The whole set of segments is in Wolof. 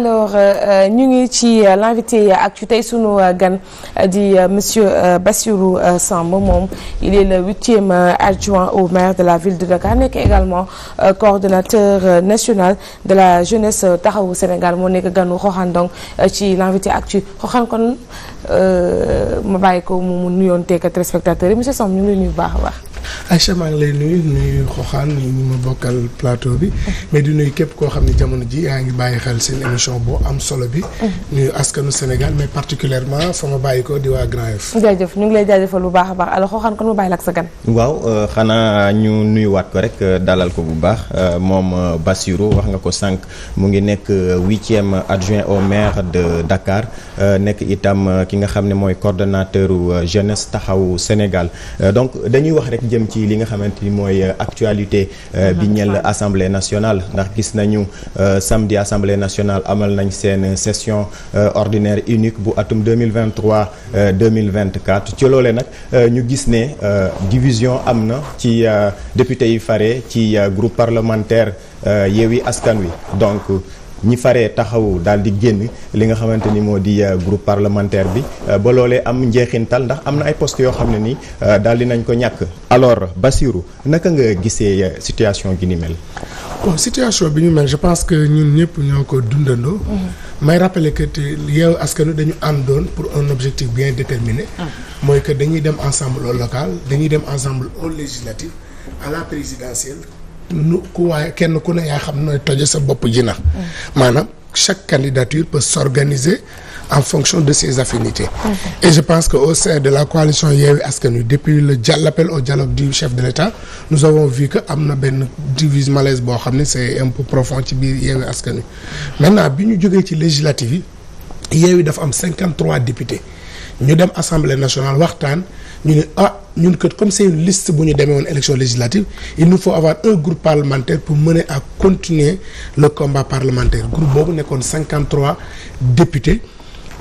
alors euh, euh, ñu ngi ci euh, l'invité ak ci tey sunu gan di monsieur Bassirou Samb moom il est le huitième adjoint au maire de la ville de Dakar nekk également coordonnateur national de la jeunesse taxawu Sénégal moo nekk ganu Xoxaan donc ci l'invité ak ci Xoxaan kon ma bàyyi ko mu nuyoon teekat téléspectateurs yi monsieur Samb ñu ngi lay baax a baax. Aïcha maa ngi lay nuyu nuyu xoxaan ñu ma bokkal plateau bi mais di nuyu képp koo xam ne jamono ji yaa ngi bàyyi xel seen émission boo am solo bi nuyu askanu Sénégal mais particulièrement fa ma bàyyi ko di waa Grand Yoff jaajëf ñu ngi lay jaajëfal bu baax a baax alors xoxaan kon ma bàyyi la sa gan waaw euh, xanaa ñu nuyuwaat ko rek euh, dalal ko bu baax euh, moom Bassirou wax nga ko sànq mu ngi nekk huitième adjoint au maire de Dakar nekk itam ki nga xam ne mooy coordonnateur jeunesse taxawu Sénégal donc dañuy li nga xamante ni mooy euh, actualité euh, bi ñel assemblée nationale ndax gis nañu euh, samedi assemblée nationale amal nañ seen session ordinaire unique bu atum 2023 2024 ci loole nag ñu gis ne division am na ci député yi fare ci groupe parlementaire Yewwi Askan Wi donc ñi faree taxawu daal di génn li nga xamante ni moo di euh, groupe parlementaire bi euh, ba loolee am njeexintal ndax am na ay postes yoo xam ne ni euh, daal di nañ ko ñàkk alors Bassirou naka nga gisee situation gi ni mel. bon situation bi ñu mel je pense que ñun ñëpp ñoo ko dundandoo. Mm-hmm. may rappeler que te Yewwi Askan Wi dañu àndoon pour un objectif bien déterminé. Ah. mooy que dañuy dem ensemble au local dañuy dem ensemble au législatif à la présidentielle. nu ku waaye kenn ku ne yaa xam nooy toje sa bopp ji na maanaam chaque candidature peut s'organiser en fonction de ses affinités et je pense que au sein de la coalition Yewwi Askan Wi depuis le l'appel au dialogue du chef de l'État nous avons vu que am na benn divise malaise boo xam ne c'est un profond ci biir Yewwi Askan Wi maintenant bi ñu jógee ci législative yi Yewwi dafa am 53 députés ñu dem assemblée nationale waxtaan ñu ne ah ñun kat comme c'est une liste bu ñu demee woon élection législative il nous faut avoir un groupe parlementaire pour mener à continuer le combat parlementaire groupe boobu nekkoon 53 députés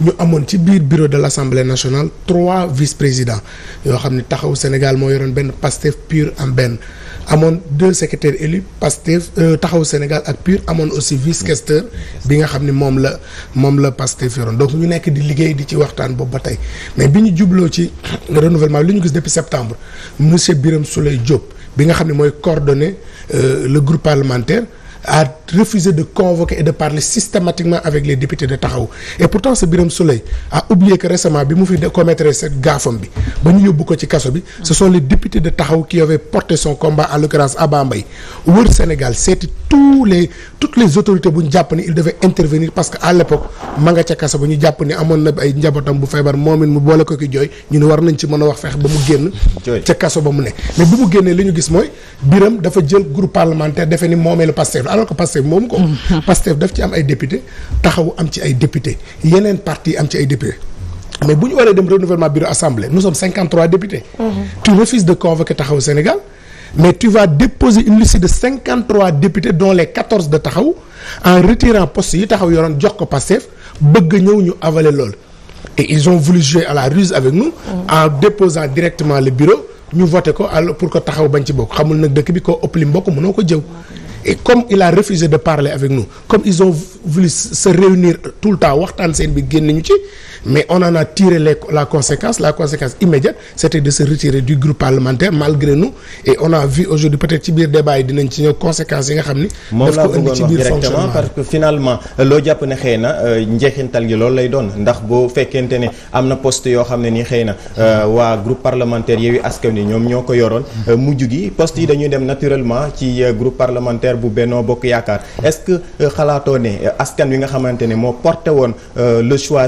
ñu amoon ci biir bureau de l'Assemblée nationale trois vice président yoo xam ni taxaw Sénégal moo yoroon benn Pastef pur am benn amoon deux secrétaires élus Pastef euh, taxaw Sénégal ak PUR amoon aussi vice-questeur bi nga xam ni moom la moom la Pastef yoroon donc ñu nekk di liggéey di ci waxtaan boobu ba tey mais bi ñu jubloo ci renouvellement li ñu gis depuis septembre monsieur Birame Souleye Diop bi nga xam ne mooy coordonner euh, le groupe parlementaire a refusé de convoquer et de parler systématiquement avec les députés de Taxawu et pourtant ce Birame Souleye a oublié que récemment bi mu fi commettre cette gaafam bi ba ñu yóbbu ko ci kaso bi ce sont les députés de Taxawu qui avaient porté son combat en l'occurrence wër Sénégal seeti tous les toutes les autorités bu ñu jàpp ne il devait intervenir parce que à l'époque ma ca kaso ba ñu jàpp ne amoon na ay njabootam bu feebar moom it mu boole ko ki jooy ñu ne war nañ ci mën a wax fexe ba mu génn ca kaso ba mu ne mais bu mu génnee li gis mooy biram dafa jël groupe parlementaire defe ni moomeelu Pastef alors que Pastef moomu ko Pastef daf ci am ay député taxawu am ci ay député yeneen parti am ci ay député mais bu mais tu vas déposer une de 53 députés dont les 14 de taxaw en retirant poste yi taxaw yoroon jox ko Pastef bëgg ñëw ñu avale lool et ils ont voulu jouer à la ruse avec nous mm. en déposant directement le bureau ñu voté ko alors pour que taxaw bañ ci bokk xamul nag dëkk bi ko ëpp li mbokk mënoo ko jëw et comme il a refusé de parler avec nous comme ils ont voulu se réunir tout le temps waxtaan seen bi génn ñu ci mais on en a tiré les, la conséquence la conséquence immédiate c'était de se retirer du groupe parlementaire malgré nous et on a vu aujourd'hui peut-être ci biir débat yi dinañ ci ñëw conséquences yi nga xam ni moom laa bëggoon wax directement parce que finalement loo jàpp ne xëy na euh, njeexintal gi loolu lay doon ndax boo fekkente ne am na post yoo xam ne ni xëy na euh, waa groupe parlementaire Yewwi Askan Wi ñoom ñoo ko yoroon euh, mujj gi poste yi dañuy dem naturellement ci groupe parlementaire bu Benno Bokk Yaakaar est-ce que xalaatoo ne askan wi nga xamante ne moo porté woon le choix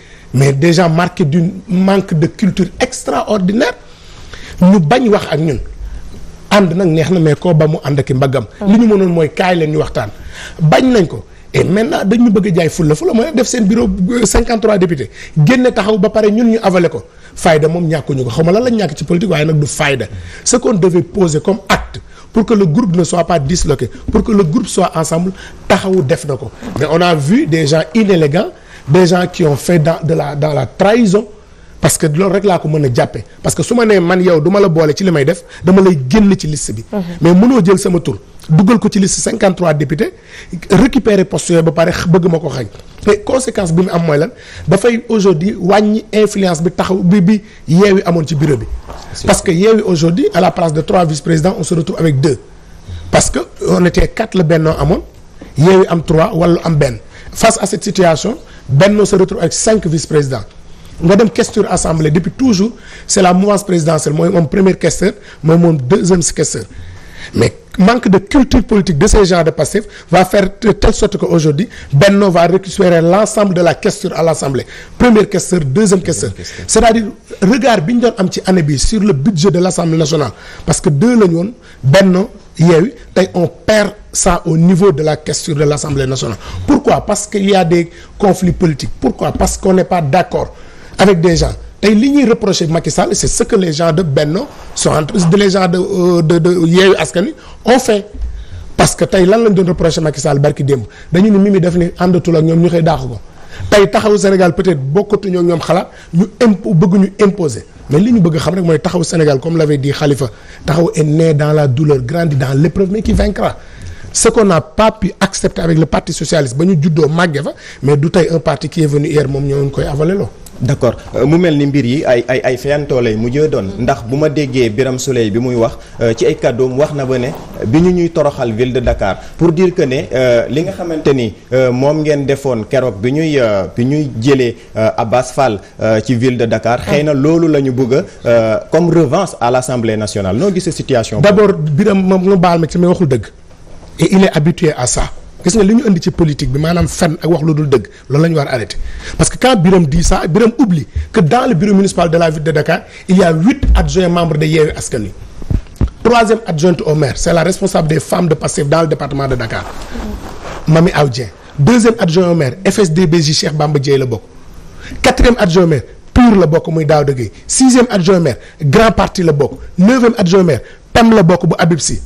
mais déjà marqué d'une manque de culture extraordinaire ñu bañ wax ak ñun ànd nag neex na mais koo ba mu ànd ak mbaggam li ñu mënoon mooy kaay leen ñu waxtaan bañ nañ ko et maintenant dañu bëgg jaay fulla la mooy def seen bureau 53 euh, députés génne taxaw ba pare ñun ñu avalé ko fayda moom ñàkkuñu ko xaw ma lan lañ ñàkk ci politique waaye nag du fayda ce qu'on devait poser comme acte pour que le groupe ne soit pas disloqué pour que le groupe soit ensemble taxawu def na ko mais on a des gens qui ont fait dans de la dans la trahison parce que loolu rek laa ko mën a jàppee parce que su ma nee man yow du la boole ci li may def dama lay génn ci liste bi. Mhm. mais mënoo jël sama tur duggal ko ci liste 53 députés récupérer poste yooyu ba pare bëgg ma ko xañ te conséquence bi mu am mooy lan ba fay aujourd'hui wàññi influence bi taxaw bi bi yeewi amoon ci bureau bi. parce que yeewi aujourd'hui à la place de trois vice président on se retrouve avec deux. parce que on était quatre la bennoo amoon yeewi am trois wala am benn face à situation. Benno se retrouve avec cinq vice-présidents nga dem questure assemblée depuis toujours c'est la mouvance présidentielle mooy moom premier questeur mooy moom deuxième questeur mais manque de culture politique de ces gens de Pastef va faire de telle sorte que aujourd'hui Benno va récupérer l'ensemble de la question à l'Assemblée premier questeur deuxième questeur c'est-à-dire regard bi ñu doon am ci année bi sur le budget de l'Assemblée nationale parce que deux la ñu woon Benno Yewwi tey on perd ça au niveau de la question de l'Assemblée nationale. Pourquoi? Parce qu'il y a des conflits politiques. Pourquoi? Parce qu'on n'est pas d'accord avec des gens. tey li ñuy reproché Macky Sall c'est ce que les gens de Benno sont entre de les gens de euh, de de parce que tey lan lañ doon reproché Macky Sall barki démb dañu ni Mimi def ni àndatul ak ñoom ñu koy daaxu ko tey taxawu Sénégal peut-être bokkatuñoo ak ñoom xalaat ñu impo bëgg ñu imposer mais li ñu bëgg xam rek mooy taxawu Sénégal comme l'avait dit Khalifa taxaw est né dans dans l'épreuve mais qui ce qu'on n'a pas pu accepter avec le parti socialiste ba ñu juddoo màgge fa mais du tey un parti qui est venu hier moom ñoo koy avalé loo euh, mu mel ni mbir yi ay ay ay fayantoo lay mujjee doon mm. ndax bu ma déggee biram Souleye bi muy wax euh, ci ay kàddoom wax na ba ne euh, bi ñu ñuy toroxal ville de Dakar pour dire que ne li nga xamante ni moom ngeen defoon keroog bi ñuy bi ñuy jëlee Abbas Fall ci ville de Dakar. Ah. xëy na loolu la ñu bëgg comme revanche à l' assemblée nationale noo gisee situation. d' abord moom mu baal ma ci may dëgg. et il est habitué à ça gis nga li ñu indi ci politique bi maanaam fen ak wax lu dul dëgg loolu la war a arrêté parce que quand Birame dit ça Birame oublie que dans le bureau municipal de la ville de Dakar il y a huit adjoints membres de Yewwi Askan Wi troisième adjointe au maire c'est la responsable des femmes de Pastef dans le département de Dakar Mami Aw Dieng deuxième adjoint au maire FSD/BJ Cheikh Bamba Dièye la bokk quatrième adjoint au maire PUR la bokk muy Daouda Gueye sixième adjoint au maire Parti la bokk neuvième adjoint au maire PEM la bokk bu Habib Sy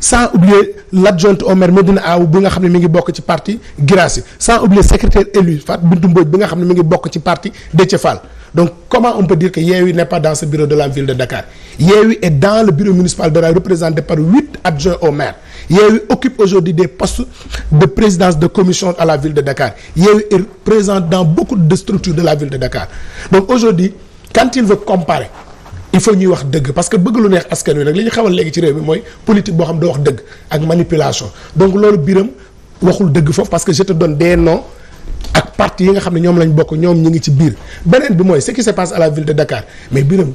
sans oublier l'adjointe au Medina Aw bi nga xam ne mi ngi bokk ci parti Girassi sans oublier secrétaire élu Fatou Bintou Mbodj bi nga xam ne mi ngi bokk ci parti Déthié Fall donc comment on peut dire que Yewwi n'est pas dans ce bureau de la ville de Dakar Yewwi est dans le bureau municipal de la représenté par huit adjoints au maire occupe aujourd'hui des postes de présidence de commission à la ville de Dakar Yewwi est présent dans beaucoup de structures de la ville il faut ñuy wax dëgg parce que bëgg lu neex askan wi nag li ñu xamal léegi ci réew mi mooy politique boo xam doo wax dëgg ak manipulation donc loolu biram waxul dëgg foofu parce que je te donne des noms ak parti yi nga xam ne ñoom lañ bokk ñoom ñu ngi ci biir beneen bi mooy ce qui se passe à la ville de Dakar mais biram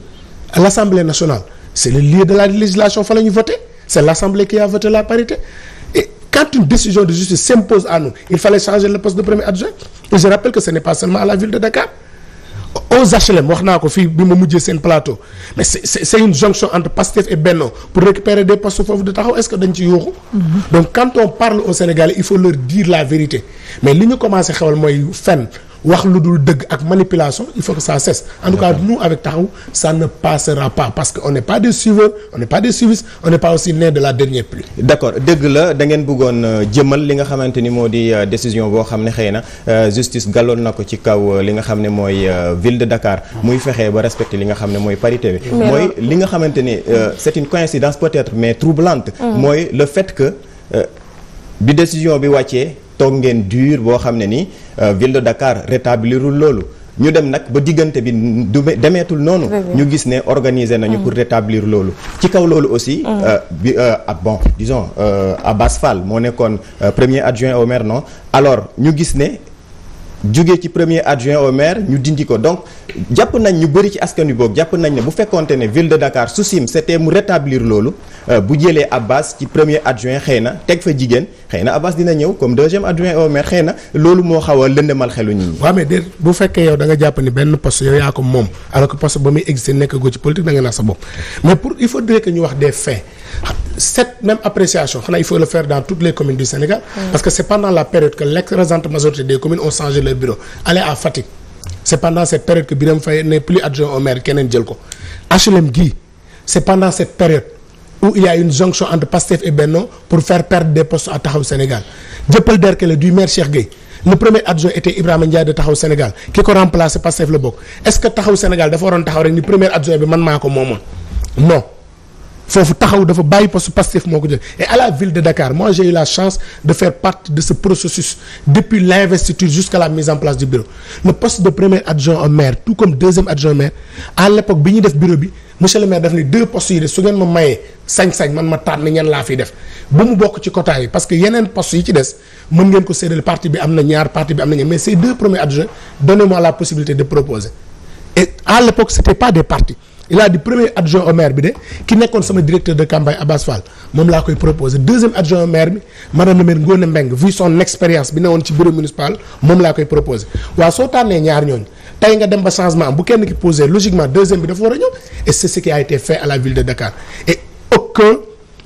à nationale c' est le lieu de la législation fa la ñu voté c' qui a voté la parité et une décision aux HLM wax naa ko fii bi ma mujjee seen plateau mais c'est c'est une jonction entre Pastef et Benno pour récupérer des postes foofu de taxaw est-ce que dañ ci yuuxu mm-hmm. donc quand on parle aux il faut leur dire la vérité mais li ñu commencé xewal mooy fen wax lu dul dëgg ak manipulation il faut que ça cesse en tout cas nous avec Taxawu ça ne passera pas parce que on n'est pas des suiveurs on n'est pas des suivistes on n'est pas aussi né de la dernière pluie d'accord dëgg la dangeen ngeen bëggoon euh, jëmal li nga xamante ni moo di euh, décision boo xam ne xëy na euh, justice gàlloon na ko ci kaw li nga xam ne mooy ville de Dakar muy fexe ba respecter li nga xam ne mooy parité bi mooy li nga xamante ni c'est une coïncidence peut-être mais troublante mmh. mooy le fait que bi décision bi wàccee toog ngeen dur boo xam ne ni euh, ville de Dakar rétablirul loolu ñu dem nag ba diggante bi du demeetul noonu ñu gis ne organiser nañu mm. pour rétablir loolu ci kaw loolu aussi mm. euh, bi ah bon dison Abbas Fall moo nekkoon premier adjoint au maire non alors ñu gis ne jugee ci premier adjoint au maire ñu dindi ko donc jàpp nañ ñu bari ci askan wi boog jàpp nañ ne bu fekkonte ne ville de Dakar soucim c'était mu rétablir loolu euh, bu jëlee Abbas ci premier adjoint xëy na teg fa jigéen xëy na Abbas dina ñëw comme deuxième adjoint au maire loolu moo xaw a lëndëmal xelu nit ñi. waaw mais déet bu fekkee yow da nga benn poste yaa ko moom alors que poste ba muy existé nekk go ci politique da nga sa bopp mais pour il faudrait que ñu wax des faits. cette même appréciation xanaa il faut le faire dans toutes les communes du Sénégal. Mm. parce que c'est pendant la période que l'écrasante majorité des communes ont changé leur bureau aller à Fatick. c'est cette période que Birame Faye n'est plus adjoint au maire keneen jël ko HLM gii c'est cette période où il y une jonction entre Pastef et Benno pour faire perdre des postes à Taxawu Sénégal Dieuppeul Derklé du maire Cheikh Gueye le premier adjoint était Ibrahima Ndiaye de Taxawu Sénégal ki ko remplacé Pastef la bokk est-ce que Taxawu Sénégal dafa premier adjoint bi man maa foofu taxaw dafa bàyyi poste Pastef moo ko jël et à la ville de Dakar moi j'ai eu la chance de faire partie de ce processus depuis l'investiture jusqu'à la mise en place du bureau le poste de premier adjoint au maire tout comme deuxième adjoint au maire à l'époque bi ñuy def bureau bi monsieur le maire daf ni deux postes yi de su ngeen ma mayee sañ-sañ man ma tànn ñan laa fiy def ba mu bokk ci quota yi parce que yeneen postes yi ci des mën ngeen ko séddale parti bi am na ñaar parti bi am na à l'époque il a dit premier adjoint au maire bi de ki nekkoon sama directeur de campagne Abbas Fall moom laa koy proposé deuxième adjoint au maire bi madame le maire Ngone Mbeng vu son expérience bi newoon ci bureau municipal moom laa koy proposé waaw soo tànnee ñaar ñooñu tey nga dem ba changement am bu kenn ki posé logiquement deuxième bi dafa war a ñëw et c'est ce qui a été fait à la ville de Dakar et aucun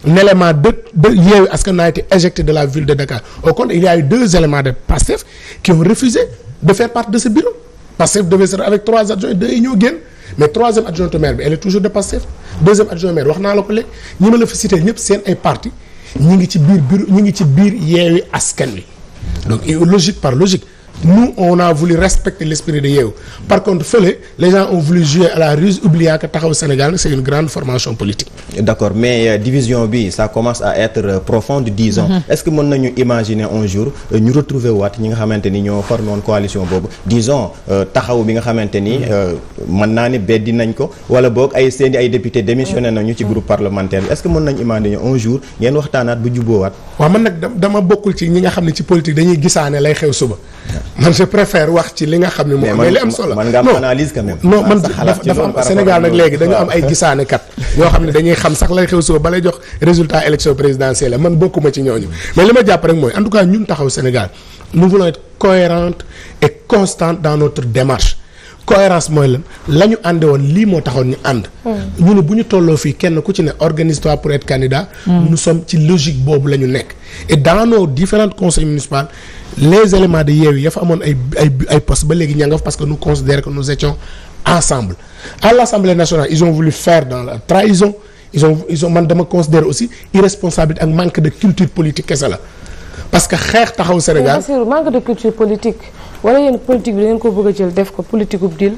élément de de Yewwi Askan n'a été éjecté de la ville de Dakar au contraire mais troisième adjointe maire bi elle est toujours de Pastef deuxième adjointe maire wax naa la ko léegi ñi ma la fi cité ñëpp seen ay parti ñi ngi ci biir biir ñi ngi ci biir yeewi askan wi donc logique par logique nous on a voulu respecter l'esprit de Yewwi par contre fële les gens ont voulu jouer la ruse oubliant que taxaw Sénégal c'est une grande formation politique d'accord mais euh, division bi ça commence à être euh, profonde disons mm -hmm. est-ce que mën nañu imaginer un jour euh, ñu retrouver waat ñi nga xamante ni ñoo formé woon coalition boobu disons euh, Taxawu bi nga xamante ni mm-hmm. mën naa ne beddi nañ ko wala boog ay seeni ay député démissionné nañu ci mm-hmm. groupe parlementaire bi est-ce que mën nañu imaginer ngeen waxtaanaat bu jubboowaat waaw man dama bokkul ci ñi nga xam ne ci politique dañuy gisaane lay xew suba man je préfère wax ci li nga xam ne moom mais li am solo man nga am analyse quand même non ah, man dafa am Sénégal nag léegi dañu am ay gisaane kat ñoo xam ne dañuy xam sax lay xew suba balay jox résultat élection présidentielle man bokkuma ci ñooñu mais li ma jàpp rek mooy en tout cas ñun taxaw Sénégal nous voulons être cohérente et constante dans notre démarche cohérence mooy lan la ñu ànde woon lii moo taxoon ñu ànd hmm. ñu bu ñu tolloo fii kenn ku ci ne organise-toi pour être hmm. ci logique boobu la ñu nekk et dans nos différentes conseils municipaux les éléments de Yewwi ya fa amoon ay ay ay postes ba léegi ña fa parce que nous considérons que nous étions ensemble à l'Assemblée nationale ils ont voulu faire dans la trahison ils ont ils man dama considérer aussi irresponsabilité ak manque de culture politique kese la parce que xeex taxaw Sénégal manque de culture politique wala yéen politique bi da ngeen ko bëgg a jël def ko politique ub dil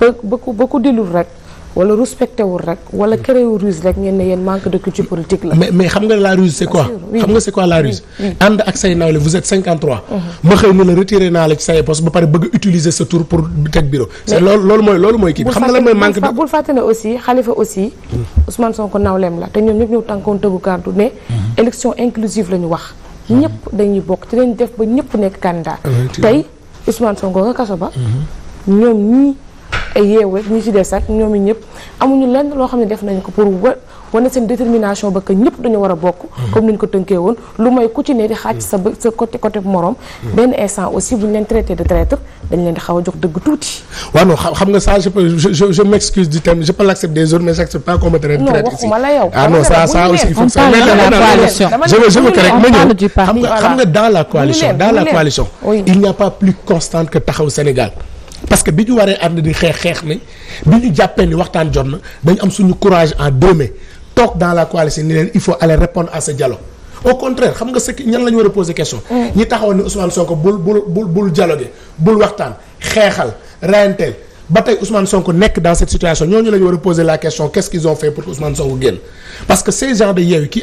ba ba ku dilul rek wala respecté wul rek wala créé wul ruse rek ngeen ne yéen manque de culture politique la. mais xam nga la ruse c'est quoi. ma mhm. xëy na la retiré naa la ci say poste ba pare bëgg utiliser sa tour pour teg bureau. mais loolu mooy loolu mooy kii xam nga la mooy manque de. bul fàtte ne aussi Khalifa aussi. Hmm. Ousmane Sonko nawleem la te ñoom ñëpp ñëw tànkoon tëggu kàddu ne. Hmm. élection inclusive la ñu wax. Hmm. ñëpp dañuy bokk ci lañ def ba ñëpp yeewu rek ñi ci des rek ñoom ñëpp amuñu lenn loo xam ne def nañ ko pour wa wane seen détermination ba que ñëpp dañu war a bokk. Mm-hmm. comme ni ñu ko tënkee woon lu may ku ci ne di xaaj sa sa côté côté morom. Mm-hmm. benn instant aussi bu ñu leen traité de traître dañ leen di xaw a jox dëgg tuuti. waaw non xam nga ça je peux je je je m'excuse du terme je ah, aussi il faut que ça mais dama dama xam nga xam nga dans la coalition dans la coalition il n'y pas plus constante que taxaw Sénégal parce que bi ñu waree ànd di xeex xeex nañ bi ñu jàppee ni waxtaan jot na dañ am suñu courage en deux toog dans la coalition ni leen il faut aller répondre à ce dialogue au contraire xam nga ce ñan la ñu war a poser question. Mm. ñi taxawoon ni Ousmane Sonko bul bul bul bul dialoguer bul waxtaan xeexal rayanteel ba tey Ousmane Sonko nekk dans cette situation ñooñu la war a poser la question quest fait pour que Ousmane Sonko génn parce que ces gens de Yewwi qui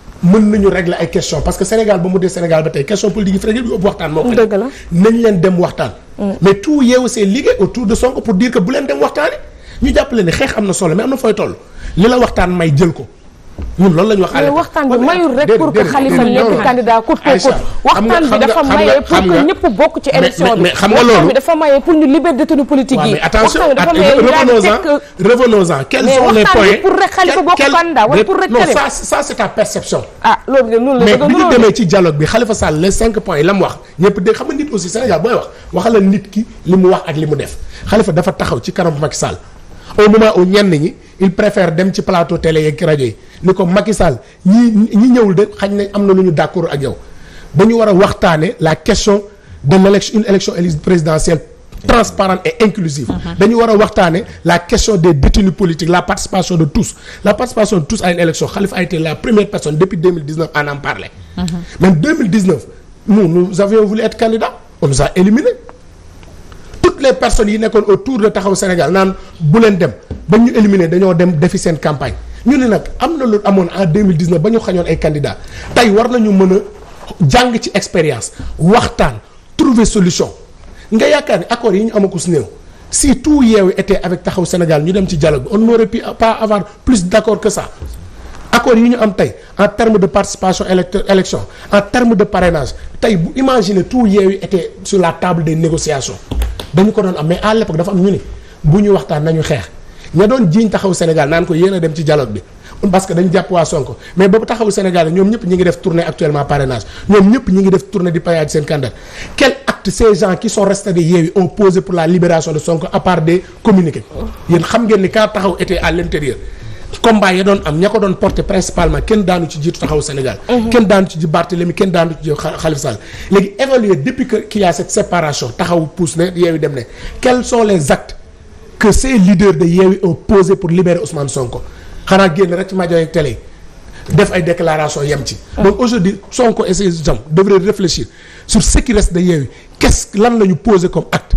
mën nañu régler ay question parce que Sénégal ba mu dee Sénégal ba tey question politique yi fi régler ëpp waxtaan moo ko nañ leen dem waxtaan mm. mais tout Yewwi s'est ligué autour de Sonko pour dire que bu leen dem waxtaani ñu jàppale ne xeex am na solo mais am na fooy toll li la waxtaan may jël ko ñun loolu la ñu wax mais waxtaan bi mayul rek pour que Khalifa nekk candidat coûte que waxtaan bi dafa maye pour que ñëpp bokk ci élection bi xam nga loolu dafa maye pour ñu libérer détenu politique yi attention revenons-en quels sont les points ah, la bi ñu demee ci dialogue cinq points yi la mu wax ñëpp dégg xam nit aussi Sénégal booy wax waxal la nit ki li mu wax ak li mu def xalifa dafa taxaw ci kanam ki saal au moment où ñenn ñi il préfère dem ci plateau télé yeeg rajo yi ni ko Macky ñi ñëwul de xañ na am na lu ñu d'accord ak yow ba ñu war a waxtaane la question de l'élection une élection présidentielle transparente et inclusive uh-huh. dañu war a waxtaane la question des détenus politiques la participation de tous la participation de tous à une élection Khalifa a été la première personne depuis 2019 à en parler uh-huh. même 2019 nous nous avions voulu être candidat on nous toutes les personnes yi nekkoon autour de taxaw Sénégal naan bu leen dem ba ñu éliminer dañoo dem defi seen campagne nag am na lu amoon en 2019 ba ñu xañoon ay candidats tey war nañu mën a jàng ci expérience waxtaan trouver solution nga yaakaar ni accords yi ñu amaku si néew si tout Yewwi était avec taxaw Sénégal ñu dem ci dialogue bi on n'aurait pu pas avoir plus d'accord que ça accords yi ñu am tey en termes de participation électeur élection en termes de parrainage tey bu imaginer tout Yewwi été sur la table des négociation dañu ko doon am mais à l'époque dafa am ñu ni bu ñu waxtaan nañu xeex ña doon jiiñ taxaw Sénégal naan ko yéen a dem ci dialogue bi parce que dañu jàpp waa Sonko mais boobu taxawu Sénégal ñoom ñëpp ñi ngi def tournée actuellement parrainage ñoom ñëpp ñi ngi def tournée di paillage seen candidat quel acte ces gens qui sont restés de Yewwi ont pour la libération de Sonko à part des communiqués oh. xam ngeen ni kaa taxaw était à l'intérieur combat ya doon am ña ko doon porté principalement kenn daanu ci jiitu taxaw Sénégal. Mhm. kenn daanu ci ji Barthélemy kenn daanu ci ji Khalifa Sall léegi évaluer depuis que qu'il y a cette séparation taxaw pousse ne Yewwi dem ne quels sont les actes que ces leaders de Yewwi ont posé pour libérer Ousmane Sonko xanaa génn rek ci rajo ak télé def ay déclaration yem ci. Mhm. donc aujourd'hui Sonko et ses gens devraient réfléchir sur ce qui reste de Yewwi quest lan la ñu posé comme acte.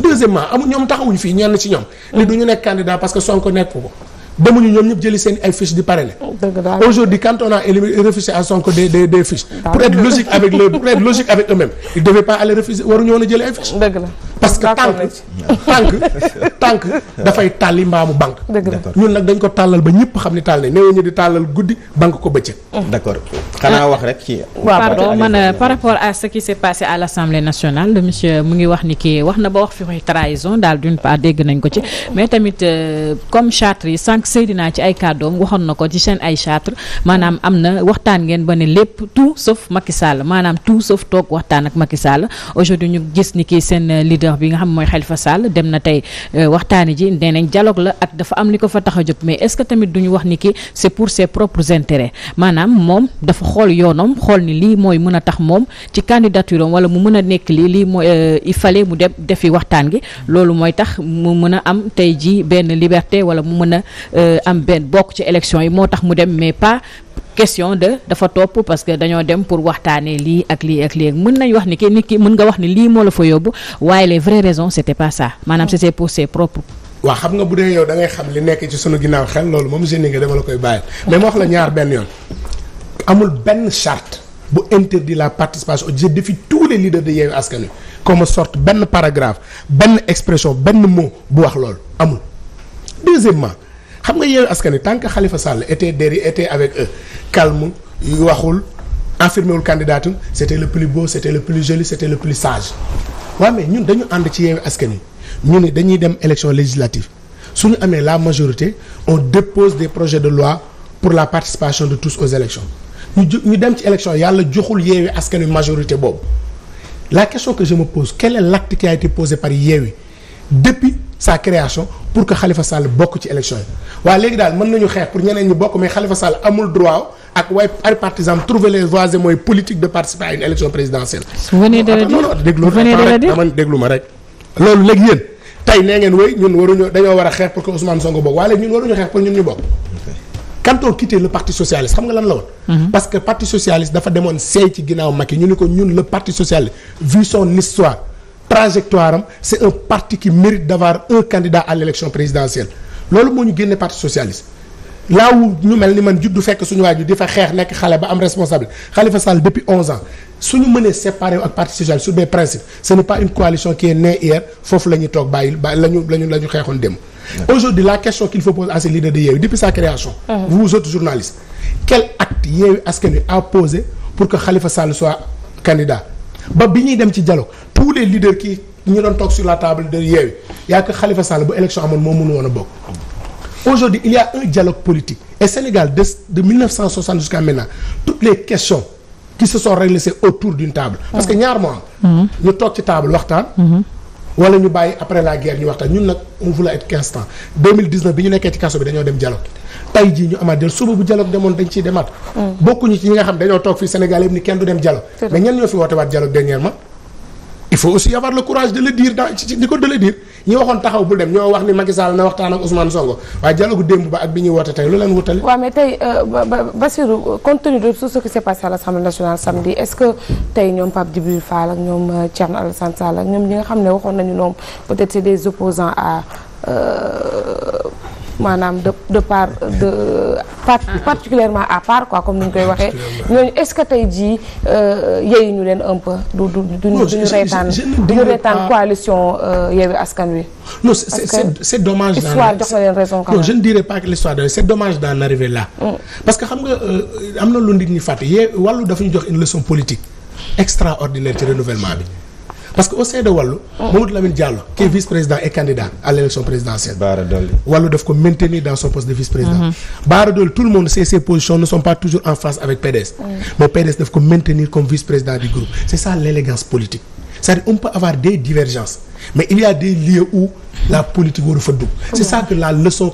deuxièmement amul ñoom taxawuñu fii ñenn ci ñoom. li mhm. du ñu nekk candidat parce que Sonko nekk ko. demuñu ñoom ñëpp jëli seen ay fiches di parrainer. Oh, aujourd'hui quand a éliminé refusé à Sonko des des des fiches. pour être logique avec le pour être logique avec eux-mêmes ils pas aller refuser waruñu woon a jëli ay fiches. la. parce que tànk tànk tànk dafay tàlli mbaamu banque ñun nag dañ ko tàllal ba ñëpp xam ne tàll ne néew ñu di tàllal guddi banque ko bëccëg mm. d'accord xanaa wax rek ci ah, pardon man euh, par rapport à ce qui s'est passé à l'Assemblée nationale le monsieur mu ngi wax ni kii wax na ba wax fi trahison daal d'une part dégg nañ ko ci mais tamit euh, comme charte yi sànq Seydina ci ay kàddoom waxoon na ko ci seen ay charte maanaam am na waxtaan ngeen ba ne lépp tout sauf Macky Sall maanaam tout sauf toog waxtaan ak Macky leader bi nga xam mooy Khalifa Sall dem na tey euh, waxtaani ji nee nañ la ak dafa am li ko fa tax a jóg mais est que tamit duñu wax ni ki c'est pour ses propres intérêts maanaam moom dafa xool yoonam xool ni lii mooy mën a tax moom ci candidature am wala mu mën a nekk lii lii mooy euh, il fallait mu dem defi waxtaan gi loolu mooy tax mu mën a am tey ji benn liberté wala mu mën a euh, am benn bokk ci élection yi moo tax mu dem mais pas question de dafa topp parce que dañoo dem pour waxtaanee lii ak lii ak lii mën nañ wax ni ki nit ki mën nga wax ni lii moo la fa yóbbu waaye les vraies raisons c'était pas ça maanaam c'était pour ses propres waaw xam nga bu dee yow da ngay xam li nekk ci sunu ginnaaw xel loolu moom génne nga dama la koy bàyyi mais ma wax la ñaar benn yoon amul benn charte bu interdit la participation je défie tous les leaders de Yewwi Askan Wi comme sort benn paragraphe benn expression benn mot bu wax loolu amul deuxièmement xam nga Yewwi Askan Wi tant que Khalifa Sall était calme yu waxul affirmé wul candidatum le plus beau c' était le plus joli c' le plus sage waaw mais ñun dañu ànd ci yeewu askan wi ñu yi dañuy dem élection législative su ñu amee la majorité on dépose des projet de loi pour la participation de tous aux élections ñu ñu dem ci élection yàlla joxul yeewi askan wi majorité boobu la question que je me pose quel est l'acte qui par yeewi depuis sa création pour que xalifa Sall bokk ci élection yi waaye léegi daal mën nañu ak way ay partisans trouver les voies et moyens politiques de participer à une élection présidentielle. venez de le dire ma rek. loolu léegi yéen tey nee ngeen wéy ñun waruñu dañoo war a xeex pour que Ousmane Sonko bokk waaye ñun waruñu xeex pour ñun ñu bokk. quand on quitté le parti socialiste xam nga lan la woon. Mhm. parce que parti socialiste dafa demoon seey ci ginnaaw Macky ñu ni ko ñun le parti socialiste vu son histoire trajectoire am c'est un parti laawu ñu mel ni man juddu fekk suñu waajur di fa xeex nekk xale ba am responsable Khalifa Sall depuis 11 ans suñu mënee séparé ak parti socialiste sur des principes ce n'est pas une coalition qui est née hier foofu la ñuy toog bàyyi ba la ñu la ñu la ñu xeexoon dem. aujourd'hui la question qu'il faut poser à ces leaders de Yewwi depuis sa création. Ah ah. vous autres journalistes. quel acte Yewwi Askan Wi a posé pour que Khalifa Sall soit candidat ba bi ñuy dem ci dialogue tous les leaders qui ñu doon toog sur la table de Yewwi yaa que Khalifa Sall bu élection amoon moo mënu woon a bokk. aujourd'hui il y a un dialogue politique et Sénégal de de 1960 jusqu'à maintenant toutes les questions qui se sont réglées c'est autour d'une table parce que ñaar moo am mhm. ñu toog ci table waxtaan mhm. wala ñu bàyyi après la guerre ñu waxtaan ñun nag on voulait être 15 ans bi ñu nekkee ci kaso bi dañoo dem dialogue tey jii ñu amaat del suba bu dialogue demoon dañ ciy demaat mhm. bokkuñu ci ñi nga xam dañoo toog fii Sénégal ni kenn du dem dialogue mais de ñi waxoon taxaw bu dem ñoo wax ni Macky na waxtaan ak Ousmane Sonko waaye dialogue démb ba ak bi ñuy woote tey lu leen wutale. waaw mais tey euh, Bassirou compte tenu de tout ce qui s'est passé à l'Assemblée nationale samedi est-ce que tey ñoom Pape Djibril Fall ak ñoom euh, Thierno Alassane Sall ak ñoom ñi nga xam ne waxoon nañu ñoom peut-être c'est des opposants à. Euh, maanaam de de part de particulièrement à part quoi comme ni ñu koy waxee ñooñu est-ce que tey jii euh, yeyu ñu leen un peu du du duñu duñu reetaan duñu reetaan coalition euh, Yewwi Askan Wi non c'est dommage histoire jox na leen raison quand même non que dommage d'en arriver là mm. parce que xam nga euh, am na lu nit ñi fàtte wàllu dafa ñu jox une leçon politique extraordinaire ci renouvellement bi parce que au sein de Wallu. Oh. Mamadou Lamine Diallo. qui est vice-président et candidat à l'élection présidentielle. Bara Dolly Wallu daf ko maintenir dans son poste de vice-président. Mhm. Bara Dolly tout le monde sait ses positions ne sont pas toujours en phase avec PDS. mais PDS daf ko maintenir comme vice-président du groupe c'est ça l'élégance politique. c'est-à-dire peut avoir des divergences mais il y a des lieux où la politique waru fa dugg c'est ça que la leçon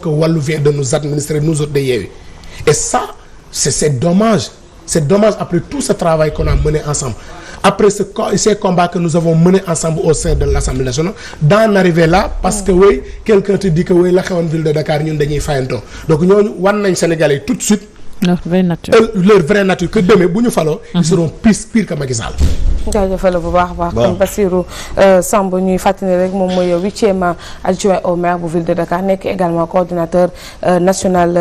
après ce, ces combats que nous avons menés ensemble au sein de l'Assemblée nationale d'en arriver là parce que oui quelqu'un te dit que oui la xewoon ville de Dakar ñun dañuy fayantoo donc ñooñu wan nañ Sénégalais tout de suite leur vraie nature euh, leur vraie nature que demain bu ñu faloo. ils mhm. seront pire pire que Macky bu baax a baax. waaw euh, Samb ñuy fàttali rek moom mooy huitième adjoint au maire bu ville de Dakar nekk également coordinateur euh, national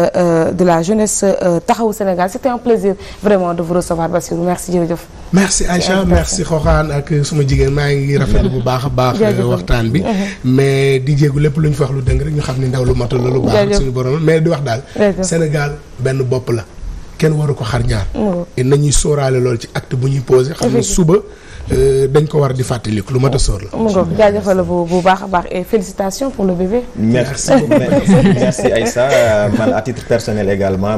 de la jeunesse taxawu Sénégal c'était un plaisir vraiment de vous recevoir Bassirou merci jërëjëf. merci Aïcha merci Xoxaan ak suma jigéen maa ngi rafet bu baax a baax. waxtaan bi mhm. mais di jéegu lépp lu ñu fi wax lu dëng rek ñu xam ni ndaw lu matul la lu baax. suñu borom mais di wax daal Sénégal. benn bopp la kenn waru ko xar ñaar. Mm. nañuy sóoraale loolu ci acte bu ñuy posé. xam ne suba euh, dañ ko war di fàttaliku lu mat a sóor la. mu ngoog jaajëfal bu bu baax a baax et félicitations pour le bébé. merci merci merci Aïssa euh, man à personnel également.